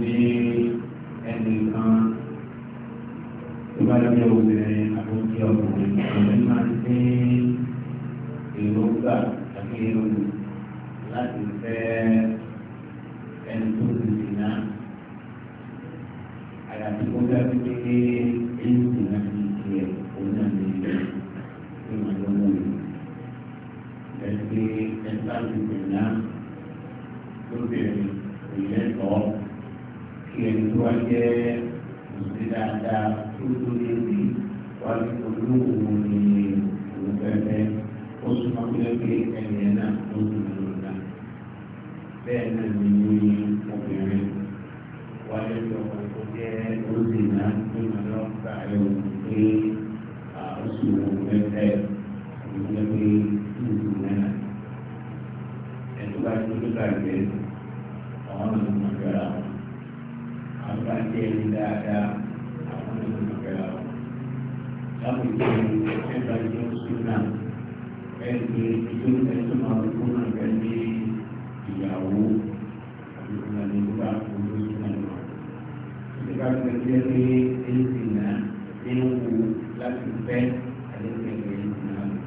ní ẹnìkan tó bá jẹ́ obìnrin àbókí ọkùnrin àwọn ẹni máa ń ní èròǹgbà àti èròǹgbà. bẹ́ẹ̀ náà ni jẹ́ pé èyí sì nà é ń wù láti fẹ́ àdéhùn ẹ̀kọ́ èyí sì nà lòdì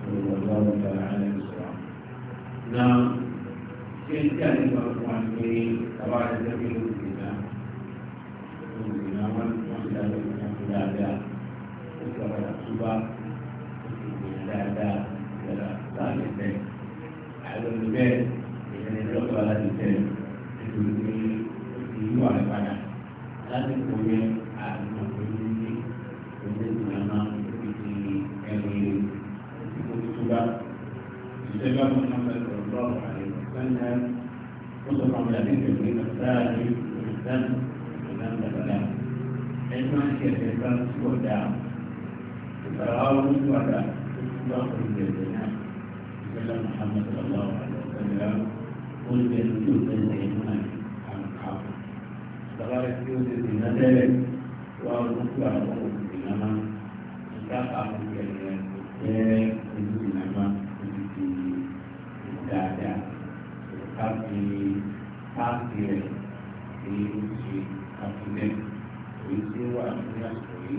sọ̀rọ̀ ọlọ́run tọ́lá rẹ̀ sọ̀rọ̀. Náà ṣé tí a ti gbà fún wa pé àwa àti ẹgbẹ́ وسلم وصف عملاته في المساجد والدم والدم والدم علما هي في الفرس والدعم وتراهم ولا تدخل في الجنة وسلم محمد صلى الله عليه وسلم قل بالوجود الزيتون عن الحق تبارك يوسف بن ذلك وأرجوك أن تكون في الأمان káàkì rẹ̀ èyí ṣe àfilẹ̀ èyí tí wà ní àsìkò yìí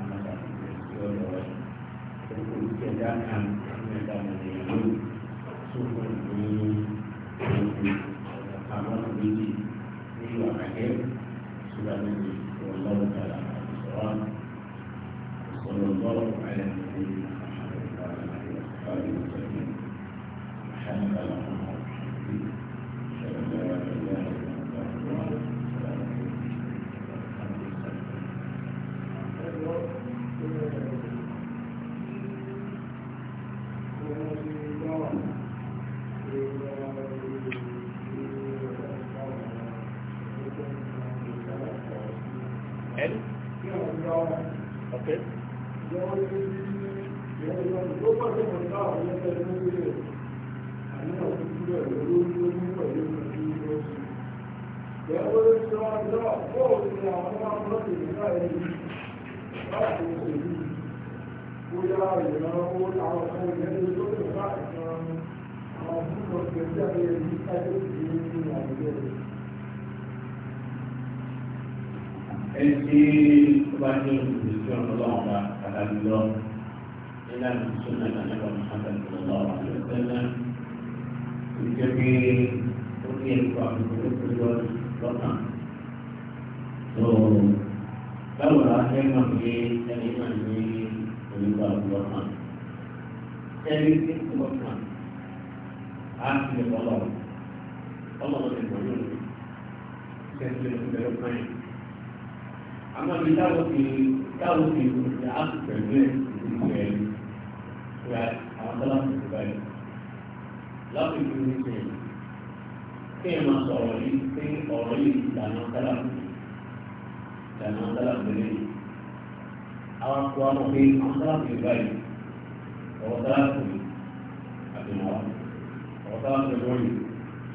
àti àwọn àgbàdo rẹ̀ sí ọ̀dọ̀ rẹ̀. Ó kò ní kẹjá náà ní ẹ̀dá mọ̀lẹ́yìn. láàyè náà ó àwọn ọmọ ìyẹn ní ojú tó bá ìkan àwọn ọmọ ìgbẹ́ tí a lè rí kájú sí ní àgbẹ̀ rẹ̀. ẹni tí ó bá ní olùdíje tí ọ̀nà ọlọ́run bá padà lọ nílànà ìṣúná ìdájọ́ ìṣàkóso ìṣàkóso ìṣàkóso ìṣàkóso ìjọbi ó ní ẹ̀kọ́ àbúrò tó lọ́kàn. tó báwo la ṣe mọ̀ pé ẹni náà ní onígbà lọ́kàn ẹni tí lọ́kàn á ti lè bọ́lọ̀ ọlọ́run lè bọ́lọ̀ sẹ́ńtì lè fún ẹ̀rọ kan yìí. àmọ́ mi táwọn fi táwọn fi ṣe áàpù pẹ̀lú ẹ̀ ìlú ẹ̀ pé àwọn tọ́lá ti ti báyìí. láti fi ní ṣe kí ẹ máa sọ̀rọ̀ yìí pé ọ̀rọ̀ yìí ìlànà tọ́lá ìlànà tọ́lá pẹ̀lú àwọn tó wọn pé sáàpù ìbáyìí ọ̀rọ̀ sáàpù àbìmọ̀ ọ̀rọ̀ sáàpù lórí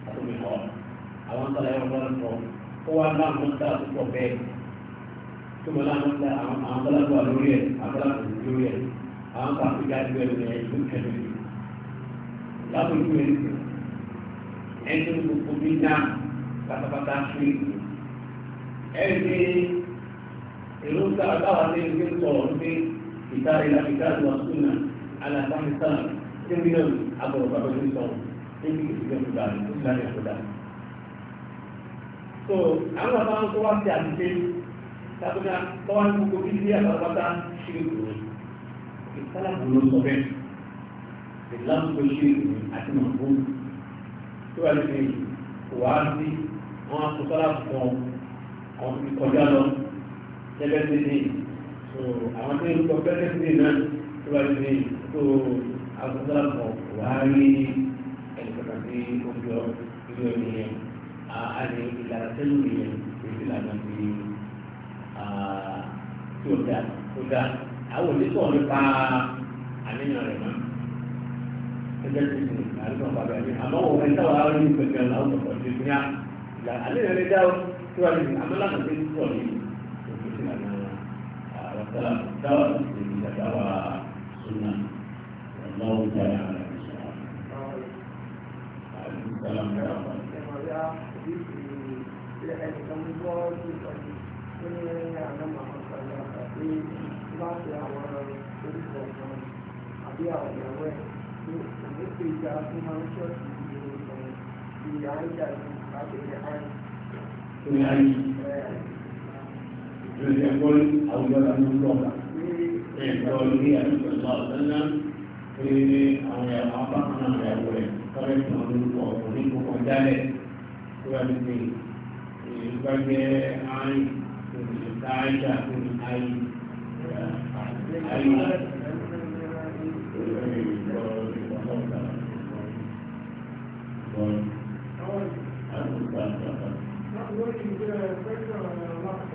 àtòmíkọ̀ àwọn sọ̀rọ̀ ẹ̀rọ bọ́lá sọ ó wá náà mú sáàpù pọ̀ bẹ́ẹ̀ tó mọ̀ náà mú sá àwọn sọ̀rọ̀ wà lórí ẹ̀ àbọ̀lá kò lórí ẹ̀ àwọn kò àfi já ju ẹ̀rọ ẹ̀ ìlú kẹlẹ́ láàbù ìlú ẹ̀ ẹ̀ tó gbogbo bí náà pátápátá fi ẹ̀ èrò ń ta àbáwọn ní ìgbé sọ̀rọ̀ ní ìtàrí láti káàdì wọn sún náà aláàbámi sáà tí mi náà agbọ̀rọ̀ bàbá níbi ìgbésẹ̀ tó dáa tó so àwọn bàbá wọn tó wá sí àdìsẹ́ tàbí tọ́wá ní gbogbo bí ilé àbábátá ṣe é kúrò ìtàlá kúrò sọ bẹ́ẹ̀ ìlànà tó ṣe é kúrò àti màbó tó wà lóde wàá sí wọn á kó sọ́lá gẹ́gẹ́ sí ní so àwọn tí ń sọ gẹ́gẹ́ sí náà tó bá ti ní so àbúrò àpọ̀ wá rí ẹnìkan sí ojú ìlú ẹni yẹn a ní ìlànà tẹ́lú yẹn ìlànà ti tí ó dá ó dá àwọn onísọ̀rọ̀ nípa àníyàn rẹ̀ náà ẹgbẹ́ tí ní àríkàn bàbá ẹni àmọ́ wọ́n ẹ̀ta wà á rí ìpẹ̀kẹ̀ láwùjọ pọ̀ sí ní à àníyàn rẹ̀ dá ó tí ní àmọ́ ìlànà ah, ah, ah, dalam tẹ́lá dáwà ìdílé dáwà súnà ọ̀nà òjà àrà ìṣòro. Àbí sọ́lá ń bẹ̀rẹ̀ wọn. Ìjọba ìdí ìlú ẹni kan ń gbọ́ ní ìtọ́jú tó ní ẹni àná màmá sọ̀rọ̀ يقول أول أن نطلق يقول لي أن صلى الله عليه وسلم في أعطانا يقول قريت من وقريت وقدالة وقالت يبقى عين عائشة من عين Thank you.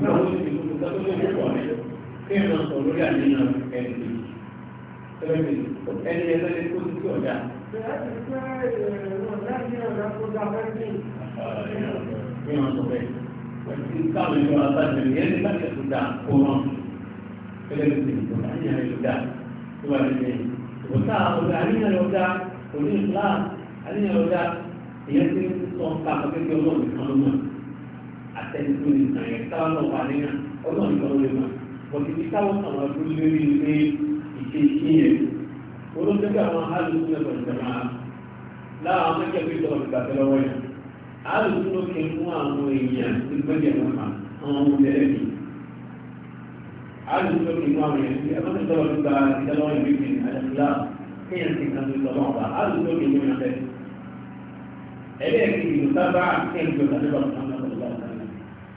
那我就不懂，那都是我的，别说走路两分钟，肯定。这个东西，肯定那些不能下。对啊，就是说，老年人不能坐飞机。啊，对呀。不能坐飞机。因为什么？因为腿短，不能站起来，不能。这个东西，老年人不能坐。老年人不能坐，坐了老年人不能坐，坐了老人不能坐，年轻人坐了怕得腰椎间盘突出。àtẹnudó nìkan yẹn táwọn náà wà nínú ọlọ́run ìgbà wọlé mọ́ bọ̀dé bí táwọn àwọn adúlú lórí ilé ìṣe ìṣe yẹn olóńgbé àwọn alùpùpù náà bọ̀dé jẹ̀mọ́ láwọn akẹ́kẹ́ bí sọ̀rọ̀ ìgbà tẹ́lẹ̀ wọ́n yẹn alùpùpù ló kẹ́ fún àwọn èèyàn tó gbẹ́jẹ̀ wọn kà àwọn ọmọ tẹ́lẹ̀ mi alùpùpù ló kẹ́ fún àwọn sábà kéèyàn tó sọ̀rọ̀ ìgbà tẹ́lẹ̀ wọ́n yẹn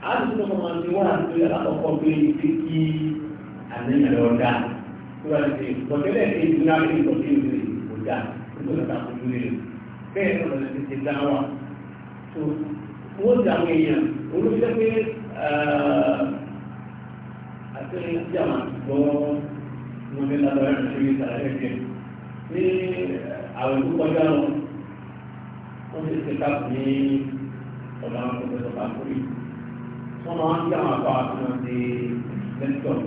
àdúgbò máa ń wá àti alákọ̀ọ́kọ́ pé ibi kí àníyàn lọ dá wọ́n ti bọ̀tẹ́lẹ̀ ní ìdúrà ní ìtọ́jú ìwé kò dá kó lọ́ta kó ju rẹ̀ bẹ́ẹ̀ ni wọ́n ti ti dá wà tó wọ́n ti àwọn èèyàn olùsẹ́ pé àti jàmà gbọ́ wọn ní lábẹ́rẹ́ ní ṣe ìsàlẹ̀ ẹ̀jẹ̀ ní àwọn ìlú kọjá lọ wọ́n ti ti ká wọ́n máa ń kí àwọn àpá àfihàn ṣe lẹ́tọ̀.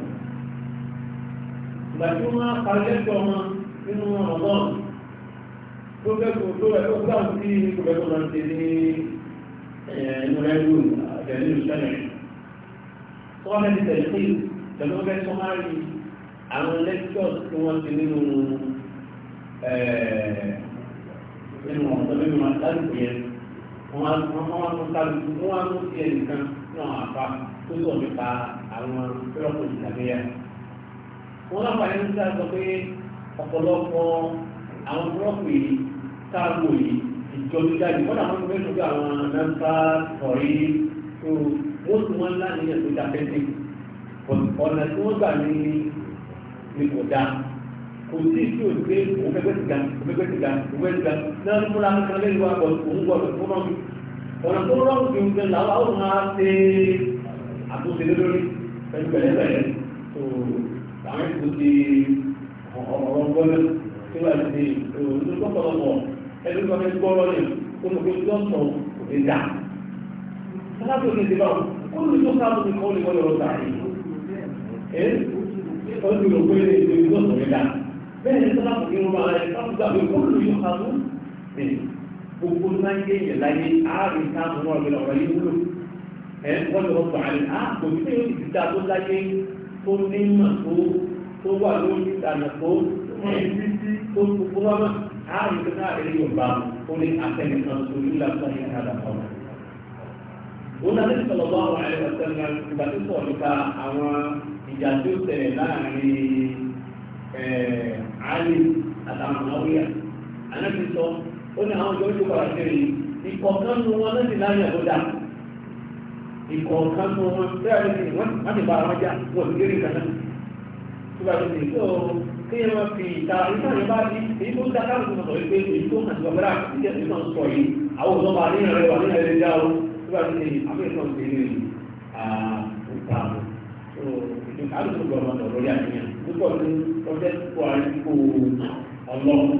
ìgbà tí wọ́n máa parí lẹ́tọ̀ wọn nínú ọ̀gbọ́n tó kẹ́kọ̀ọ́ tó rẹ̀ tó gbà sí ipò kẹ́kọ̀ọ́ máa ń ṣe ní inú rẹ́díò àtẹ̀lé ìṣẹ̀lẹ̀. wọ́n fẹ́ ti tẹ̀lé sí tẹ̀lé wọ́n fẹ́ sọ́márì àwọn lẹ́tọ̀ tí wọ́n ti nínú nínú ọ̀sán nínú àtàlùkù yẹn wọ́n á tún kálukú wọ́n á tún tiẹ̀ nìkan náà wọn àfa tó sọ nípa àwọn pírọ́pù ìsàmìyà wọn náà fàyè nígbà sọ pé ọ̀pọ̀lọpọ̀ àwọn pírọ́pù yìí káàbù yìí ìjọ gíga yìí wọn àwọn ìgbésẹ̀ sọ pé àwọn nọ́mbà sọ̀rí tó wọ́n tún wọn láti ilẹ̀ tó dá pẹ́ẹ́tì ọ̀nà tí wọ́n gbà ní ní kò dáa kò sí tí o òun fẹ́ gbẹ́sìgá òun fẹ́ gbẹ́sìgá òun fẹ́ gbẹ́sìgá náà ọ̀nà tó rọrùn ju nǹkan làwọn àwọn máa ṣe àtúnṣe lórí pẹ̀lú pẹ̀lẹ́pẹ̀lẹ́ tó àwọn ètò ti ọ̀rọ̀ gbọ́dọ̀ tí wà ní ọdún kọ́kọ́lọ́pọ̀ ẹni kan ní gbọ́rọ̀ ní olùkọ́ tí wọ́n sọ òde dà. sábàbí òde ti bá wọn kó ló tó ká lóde kọ́ lè wọ́lọ́ ọ̀tà yìí. ẹ ọdún rò pé ètò ìgbọ́sọ̀ rẹ̀ dà bẹ́ẹ̀ ni sábàbí tó ká gbogbo sáyé yẹn láyé ààrùn sáàmù náà lè ọ̀rọ̀ yìí wúlò ẹ̀ wọ́n lọ gbà ní ààbò tí yóò ti dá tó láyé tó ní mà tó tó wà lórí ìdáná tó ní títí tó tó kó wá mà ààrùn tó náà lè yóò bá ó ní akẹ́ni kan tó ní lásán ní àdá kan. òun náà lè sọ̀rọ̀ bá àwọn àlẹ́ ọ̀sẹ̀lẹ̀ ìgbà tó sọ̀rọ̀ nípa àwọn ìjà tó tẹ̀lé láàrin àlè àtàwọn ọ̀rẹ́ ó ní àwọn ìjọ́jú padà kiri ìkọ̀ọ̀kan nu wọn láti láyà tó dà ìkọ̀ọ̀kan nu wọn bẹ́ẹ̀ ni kí wọ́n ti bá wọn já wọ́n ti kéré kan náà tó bá ti di tó kí wọ́n fi ìta ìta yẹn bá di èyí tó dá káàkiri tó sọ pé èyí tó hàn sí ọ̀gbẹ́rẹ́ àti ìjẹ́ tó máa ń sọ yìí àwọn ọ̀dọ́ máa níyàn rẹ̀ wà níyàn rẹ̀ já o tó bá ti ní ọjọ́ ìkó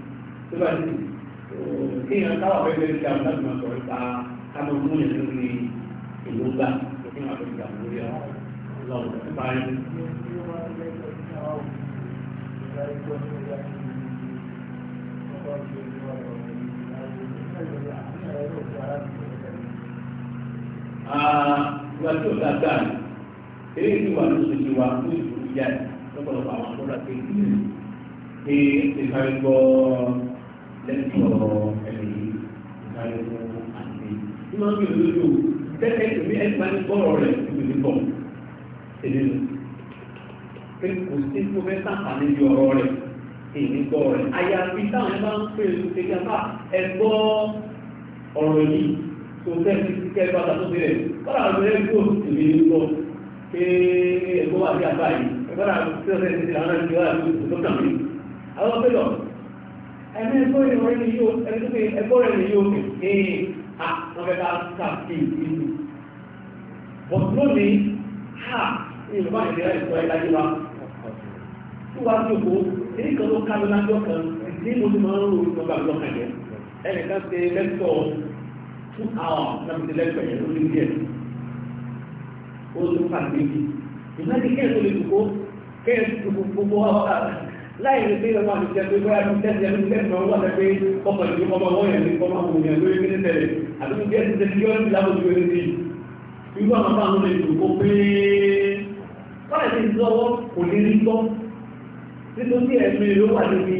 tó bá ti kéèyàn táwọn abẹ́rẹ́ ti àwọn láti máa sọ̀rọ̀ pa káwọn mú yẹn lórí ìlú gbà kéèyàn máa fi gbàgbọ́ lórí ọlọ́run tó bá yẹn. Ìgbà tí ó dàgbà ni, eré ìtura ló ṣe ti lọ́pọ̀lọpọ̀ àwọn akọ́dà pé kí ni ìparí lẹ́tọ̀ ẹ̀mí ìkáyọ̀ àti ìmọ̀ ní olóòtú tẹ́tẹ́ ìtòmí ẹgbà ní bọ́ọ̀rọ̀ rẹ̀ níbi ní bọ̀ èdè nù pé kò sí tó fẹ́ sàǹfà níbi ọ̀rọ̀ rẹ̀ èyí bọ̀ rẹ̀ àyàfi táwọn ẹgbà ń pè ní ṣe kápá ẹgbọ́ ọ̀rọ̀ yìí tó fẹ́ fi kíkẹ́ padà tó bẹ̀rẹ̀ kọ́ra àwọn ẹgbẹ́ kó tèmi ní bọ̀ pé ẹgbọ́ wà sí ẹ̀mí ẹgbọ́rẹ̀ rẹ̀ yóò ẹ̀ẹ́ àpọ̀lẹ́ta tàbí ìlú but lónìí ha ìlúbá ìlera ìtọ́ ìdájí wa tí wá jòkó èyí kan ló kájú lájọ́ kan ní mo ti máa ń rò ìjọba àjọ kan yẹn ẹnì kan ṣe lẹ́tọ̀ two hours náà ti lẹ́tọ̀ yẹn lórí díẹ̀ ó ló fà sí ìlú ìmáàdì kẹ́ẹ̀ tó lè jòkó kẹ́ẹ̀ láì rí pé ọmọ àti ìjẹ́ pé bóyá ní tẹ́sí ẹni tẹ́sí ọmọ wọ́n tẹ́ pé ọkọ̀ ìlú ọmọ wọ́n yẹn ní ọmọ àwọn èèyàn lórí ní tẹ̀lé àti ní tẹ́sí tẹ́sí yọ́ ní lábòjú orí sí irú àwọn bá àwọn èèyàn kó pé wọ́n ti lọ́wọ́ kò ní rí gbọ́ nítorí ẹ̀mí ló wà níbi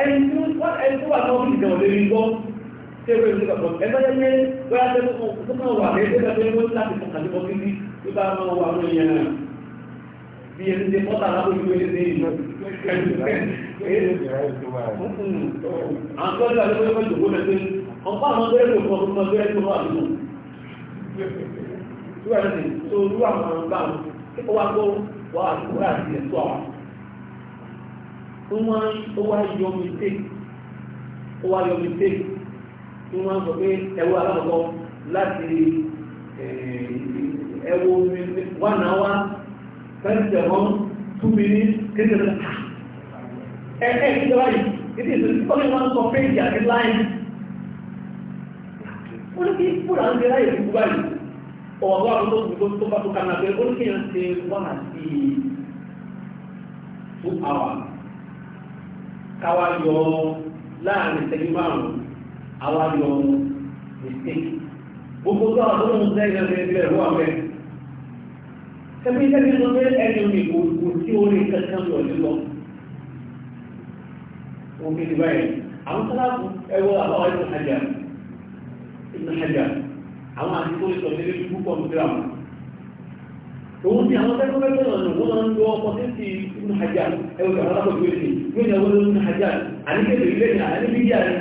ẹni tó wà náà fi ìjọ lè rí gbọ́ ṣé wọ́n ti kọ̀ ẹgbẹ́ yẹn bóyá tẹ́lẹ̀ tó kàn wà ní ẹgbẹ́ bí ẹni ṣe bọ́tà lábójú ló ṣe yìí àwọn tọ́jú àti ọjọ́ ìjòkó lẹ́sẹ̀ ọ̀pá àwọn tó ẹ̀rọ kan tó tọ́jú ẹ̀rọ wà nínú tí wọ́n ti tó rú àwọn ọ̀gá ó wá tó wà àtúwà àti ẹ̀tọ́ àwọn tó wọ́n ó wá yọ mi tè ó wá yọ mi tè tí wọ́n fẹ́ǹtẹ̀ wọn tún mi ní kékeré ẹ̀ẹ́ ìjọba yìí ìdí ìsìnkú ọ̀lẹ́ wọn sọ péjì àti láì wọ́n ní kí fúra ń gẹ́rá ìlú búbá yìí ọ̀wọ̀wọ́ àwọn tó gbogbo tó bá tó kàmà pé ó ní kí yàn ṣe wọ́n àti two hours káwá yọ láàrin ìṣẹ́jú márùn-ún àwa yọ mistake gbogbo tó àwọn tó ń sẹ́yìn ẹgbẹ̀rún àwọn ẹgbẹ̀rún ẹbí tẹ́lẹ̀ sọ pé ẹni omi kò kò tí ó lè kankan lọ lílọ wọn fi dìbà yẹn àwọn sáláàbù ẹwọ àbáwá ìlú hajj ìlú hajj àwọn àti tó lè sọ pé lórí púpọ̀ ń gbéra wọn òun ti àwọn tẹ́kọ̀ọ́ bẹ́ẹ̀ tọ̀nà ní wọ́n ń lọ ọkọ̀ sí ti ìlú hajj ẹwọ ìjọba lápò tó lè gbé ní ọwọ́ lórí hajj àníkèdè ilé ní àníbíyà rẹ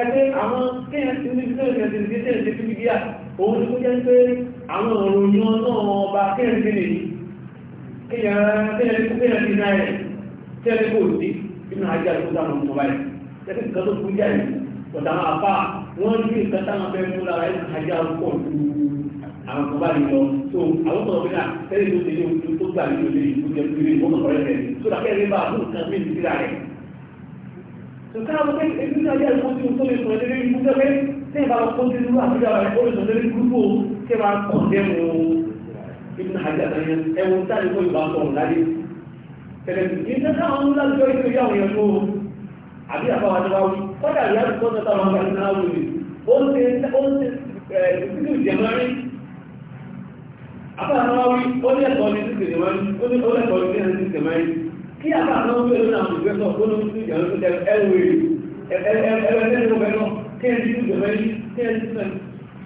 ẹgbẹ́ àwọn kéèyàn ti ní bí àwọn òròyìn náà ọba kẹ́rìndínlẹ̀ ní kéèyàn ní náà rẹ̀ tẹ́lẹ̀ kò sí nínú ajé àdúgbò àwọn ọmọ báyìí tẹ́lẹ̀ nǹkan tó fún jáde ọ̀tà máa fà wọ́n ní nǹkan táwọn fẹ́ mú lára ẹ̀ ajé àdúgbò ju àwọn ọmọ báyìí lọ tó àwọn ọmọ bíi náà tẹ́lẹ̀ tó ti ní ojú tó gbà nínú ilé ìlú jẹ́ kiri ìmọ̀nà ọ̀rẹ́ rẹ̀ tó dà kẹ́rin bá fún nǹkan mí nígbà rẹ̀. Tòkà àwọn ẹgbẹ́ ìgbésí ayé àdúgbò tí mo tó lè sọ̀rọ̀ tí wọ́n kọ̀ dẹ́mu ibi náà àjà náà ẹ̀wọ̀n táyé kó ìbá sọ̀rọ̀ láyé tẹ̀lé ní sẹ́kà àwọn ọmọdé àti ọ̀rẹ́ ìgbéyàwó àwọn èèyàn tó àbí àbáwá tó wáwí kọ́dà ìyá tó tọ́jú táwọn ọmọ àti náà wòlé ó ń ṣe ó ń ṣe ìdílé ìjẹmọ́rí àbáwá wáwí ó ní ẹ̀kọ́ ní ìdílé ìjẹmọ́rí ó ní ẹ̀kọ́ ní ìdílé ìjẹmọ́rí kí àbáwá náà wọlé náà tó gbé sọ ó ní ìdílé ìjẹmọ́rí tó tẹ ẹ̀wẹ̀ ẹ̀ẹ̀ẹ̀ẹ̀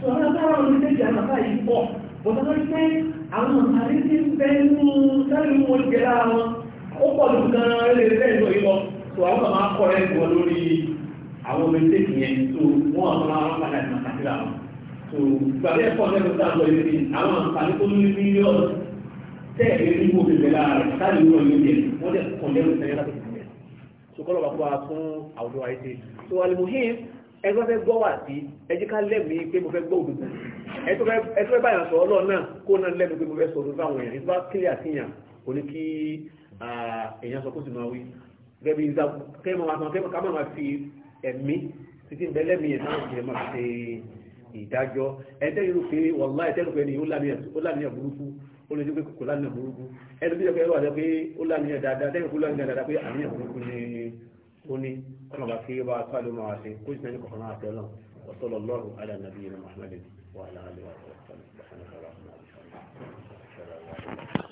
sọ̀rọ̀ táwọn oníṣẹ́jì àmàbá yìí pọ̀ bọ̀tọ́ pé àwọn àrí tí ń bẹ nú sẹ́lú wọn jẹ́ lára wọn ó pọ̀ lù gan lè fẹ́ ìlọ ìlọ tó àwọn bàbá kọ́ ẹ̀ bọ̀ lórí àwọn mẹ́tẹ́kì yẹn tó wọ́n àwọn ará padà ìmọ̀ kàkíra wọn tó gbàgbé ẹ̀kọ́ lẹ́nu sáàtọ̀ ìrìn àwọn àǹfààní tó ní mílíọ̀nù tẹ́ ẹ̀rí ní gbogbo ìgbẹ́ lára rẹ̀ sáàlì ìwọ̀n yóò jẹ wọ́n jẹ́ kọ̀ọ̀lẹ́rù sẹ́yìn láti ẹgbẹ́ fẹ́ gbọ́ wà sí ẹjí ká lẹ́mìí pé mo fẹ́ gbọ́ òdòdó ẹtọ́ fẹ́ báyàn sọ ọlọ́ náà kó náà lẹ́mìí pé mo fẹ́ sọ òdòdó àwọn èèyàn ìtura kílẹ̀ àtìyàn kò ní kí èèyàn sọ kó sì máa wí gẹ́gẹ́ bí ìta kẹ́mọ̀ máa sọ kẹ́mọ̀ ká máa fi ẹ̀mí títí bẹ́ lẹ́mìí ẹ̀ náà jẹ́ máa ṣe ìdájọ́ ẹ̀tẹ́ yóò pé wàlá ẹ̀tẹ́ yóò pé ni ó láníyàn burúkú ó lè dúpẹ́ kò láníyàn burúkú ẹ̀ òní ọlọ́ba kí yóò قالوا ما máa كل سنة كنا ní وصلى الله على نبينا محمد وعلى اله وصحبه وسلم سبحانك